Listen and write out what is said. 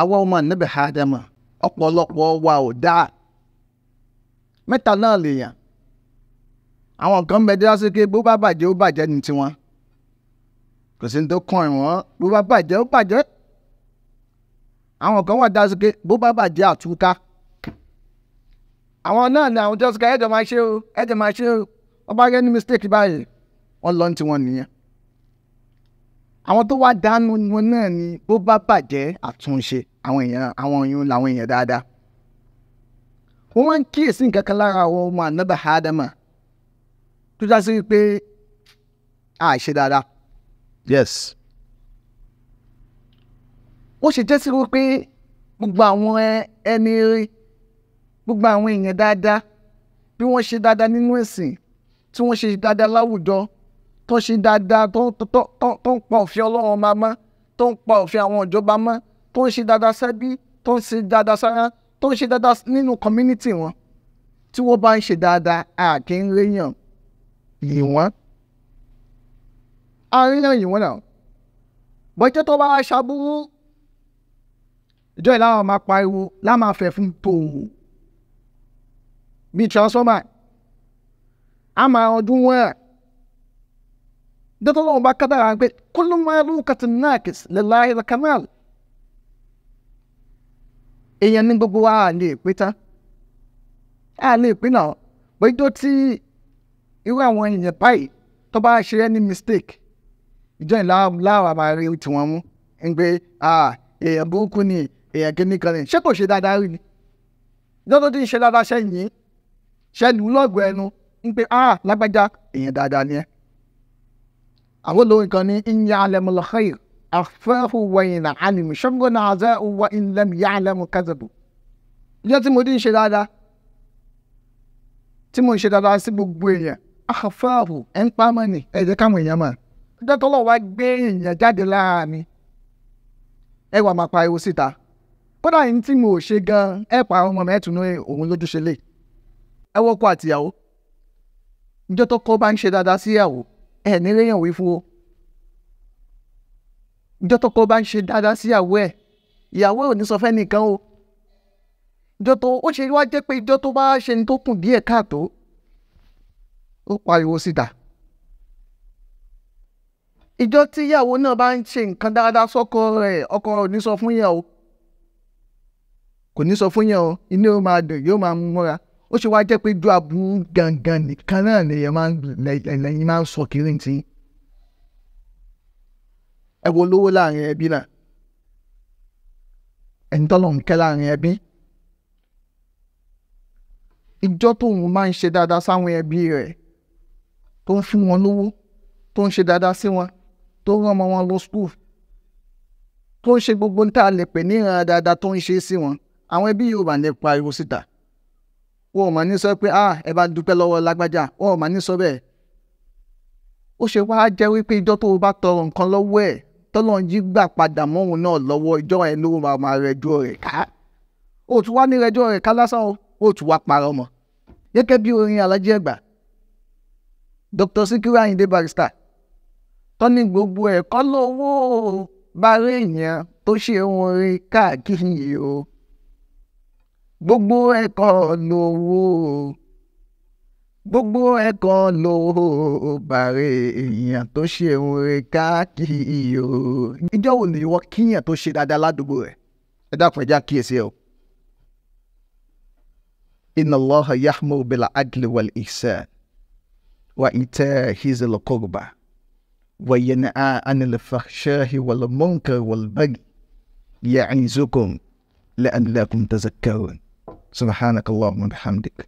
àwa ọmọ ànábì ádámà ọ̀pọ̀lọpọ̀ wa ò dáa mẹ́ta náà lèèyàn àwọn kan ń bẹ dé lásìkò bó bá bàjẹ́ ó bàjẹ́ ní tiwọn kò sí ní tó kàn wọ́n bó bá bàjẹ́ ó bàjẹ́ àwọn kan wà dásìkò bó bá bàjẹ́ àtúká àwọn náà ni àwọn jọ́sìkò ẹ̀jọ̀ máa ṣe o ẹ̀jọ̀ máa ṣe o ọba rẹ ní mistake báyìí wọ́n lọ ní tiwọn nìyẹn àwọn tó wá dánú wọn náà ni bó bá bàjẹ́ àtúnṣe àwọn èèyàn àwọn èèyàn làwọn èèyàn dáadáa wọ́n máa ń kíyèsí nǹkan kan lára àwọn ọmọ ànábà ádámà tó já sí pé àìṣe dáadáa. yes. ó ṣe jẹ́ sí wípé gbogbo àwọn ẹni rí gbogbo àwọn èèyàn dáadáa bí wọ́n ṣe dáadáa nínú ẹ̀sìn tí wọ́n ṣe dáadáa láwùjọ tó ṣe dáadáa tó tó ń pa òfin ọlọ́run ọba mọ́ tó ń pa òfin àwọn ìjọba mọ́ tó ń ṣe dáadáa sẹ́bí tó ń ṣe dáadáa sára tó ń ṣe dáadáa nínú community wọn tí wọ́n bá ń ṣe dáadáa àkè ń réyàn yìí wọ́n àríyàn yìí wọ́n náà bọ́jẹ́ tó bá ṣàbúrú ìjọ ìlànà máa pariwo lámàfẹ́ fún tòun bíi transformer a máa ọdún wọ́n ẹ̀. ده طلعوا بعد كده كل مخلوقة ناقص لله الكمال èèyàn ní gbogbo wa lè pé tán a lè pé náà bójú tí irú àwọn èèyàn báyìí tó bá ṣe any mistake ìjọ ìlàwọ̀ àmàrí tí wọ́n mú ń pé èèyàn burúkú ni èèyàn kíní kan ni ṣé kò ṣe dáadáa rí ni lọ́dọ̀ tí ń ṣe dáadáa ṣẹ́yìn ṣẹ́yìn lọ́gọ̀ ẹnu ń pé lágbájá èèyàn dáadáa ni ẹ́ àwọn olórin kan ní ìyá alẹ́mọ̀lá xeyr àfẹ́hù wẹ̀yìnà àlìmù ṣọ́ngọ́ náà àzẹ́ òwò ilẹ̀ ìyá alẹ́mù kẹ́tẹ̀bù. ìjọ tí mo dín ṣe dáadáa tí mo ń ṣe dáadáa sí gbogbo èèyàn àfẹ́hù ẹ̀ ń pa mọ́ ni ẹ̀jẹ̀ káwọn èèyàn mọ̀. ìjọ tó lọ́wọ́ wá gbé èèyàn jáde lára mi ẹ wà máa pariwo síta kódà yìí tí mo ṣe gan ẹ pa ọmọ mi ní òun lójúṣe lè ẹ wọ́kọ̀ àtìyàwó ìjọ tó kọ́ bá ń ṣe dáadáa ẹ̀ níréyàn wí fún o ìjọ tó kọ bá ń ṣe dáadáa sí ìyàwó ẹ̀ ìyàwó ẹ̀ ò ní sọ fẹ́ nìkan o ìjọ tó ó ṣe wá jẹ́ pé ìjọ tó bá ṣe ni tó kùn díẹ̀ káàtó ó pariwo síta ìjọ tí ìyàwó náà bá ń ṣe nǹkan dáadáa sọ́kọ rẹ̀ ọkọ rẹ̀ ò ní sọ fún yẹn o kò ní sọ fún yẹn o inú yóò máa dùn yóò máa múra ó ṣe wáá jẹ́ pé ju aburú gangan nìkan náà lẹ́yìn máa ń sọ kiri ti ẹ wo lówó láàrin ẹbí náà ẹni tọ́lọ̀ ń kẹ́ láàrin ẹbí ìjọ tóun máa ń ṣe dáadáa sáwọn ẹbí rẹ̀ tó ń fún wọn lówó tó ń ṣe dáadáa sí wọn tó ń rán ọmọ wọn lọ skul tó ń ṣe gbogbo níta lè pè ní ìran dáadáa tó ń ṣe sí wọn àwọn ẹbí yóò bá lè pariwo síta wọn ò mà ní sọ pé ah ẹ bá dúpẹ́ lọ́wọ́ lágbájá wọn ò mà ní sọ bẹ́ẹ̀ ó ṣe wá jẹ́ wípé ìjọ́ tó o bá tọrọ nǹkan lọ́wọ́ ẹ̀ tọ́lọ́ ń jí gbà padà mọ́hun náà lọ́wọ́ ìjọ́ ẹ̀ ló máa máa rẹjọ́ rẹ̀ ká o tún wá ní rẹjọ́ rẹ̀ ká lásán o tún wá parọ́ mọ́ gẹ́gẹ́ bí orin alájí ẹ̀gbà Dr. Sikiru Ayinde Barrister tọ́ni gbogbo ẹ̀kọ́ lówó bá rí èèyàn tó ṣe orin káàkiri o gbogbo ẹ̀kọ́ lówó gbogbo ẹ̀kọ́ lówó bàrẹ̀ èèyàn tó ṣe òun rẹ̀ káàkiri o. ìjọ́ wo ni ìwọ kíyàn tó ṣe dáadáa ládùúgbò rẹ̀ ẹ dákun ẹ kíyèsí o. inna Allaha yahmuru bil adli wal ihsan wa ita'i hizil qurba wa yanha anil fahshahi wal munkar wal baghi ya'izukum la'allakum tazakkarun. Subhanakallahumma bihamdik.